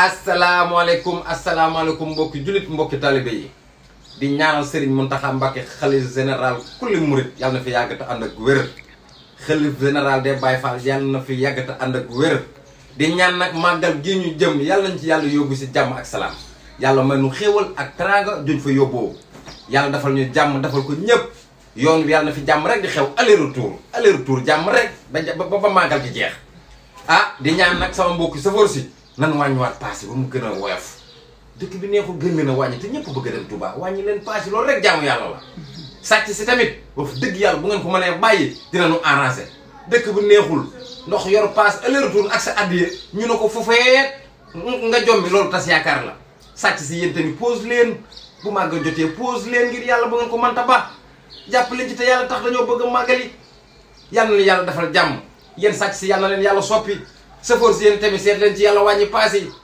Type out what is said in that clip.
Assalamualaikum, assalamualaikum mbokki julit mbokki talibé yi di ñaanal Serigne Mountakha mbake xalif général kulli mourid yalla na fi yàgg te ànd ak wër xalif général des Baye Fall yalla na fi yàgg te ak wër di ñaan nak magal gi ñu jëm yalla nañ ci yalla si jamm ak salam yalla may ñu xéewal ak traga juñ fa yobbo yalla dafal ñu jamm dafal ko ñëpp yoon wi na fi jamm rek di xew aller retour aller retour jamm rek ba ba magal ci gi jeex ah di ñaan nak sama mbokki sa nan wàññiwaat paas yi ba mu gën a woyof dëkk bi neexul gën leen a wàññi te ñëpp bëgg a dem Touba wàññi leen paas yi loolu rek jaamu yàlla la. sàcc si tamit dëgg yàlla bu ngeen ko mënee bàyyi dinañu arrangé dëkk bu neexul ndox yor paas aller retour ak sa addiya ñu ne ko foofee nga jombi loolu tas yaakaar la sàcc si yéen tamit pause leen bu màgg jotee pause leen ngir yàlla bu ngeen ko mënta baax jàpp leen te yàlla tax dañoo bëgg a màggali yàlla na yàlla defal jàmm yéen sàcc si yàlla na leen yàlla soppi safoor si yéen tamit seet leen ci yàlla wàññi paas yi